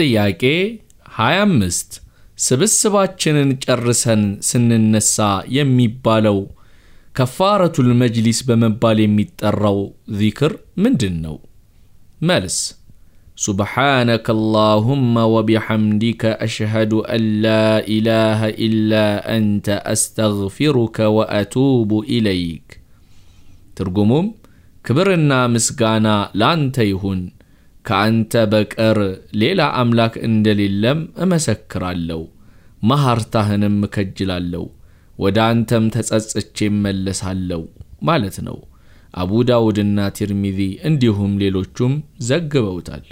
ጥያቄ 25 ስብስባችንን ጨርሰን ስንነሳ የሚባለው ከፋረቱል መጅሊስ በመባል የሚጠራው ዚክር ምንድን ነው? መልስ سبحانك اللهم وبحمدك أشهد أن لا إله إلا أنت أستغفرك وأتوب إليك ترجمهم كبرنا مسقانا لانتيهن ከአንተ በቀር ሌላ አምላክ እንደሌለም እመሰክራለሁ፣ መሐርታህንም እከጅላለሁ፣ ወደ አንተም ተጸጽቼ እመለሳለሁ ማለት ነው። አቡ ዳውድና ቲርሚዚ እንዲሁም ሌሎቹም ዘግበውታል።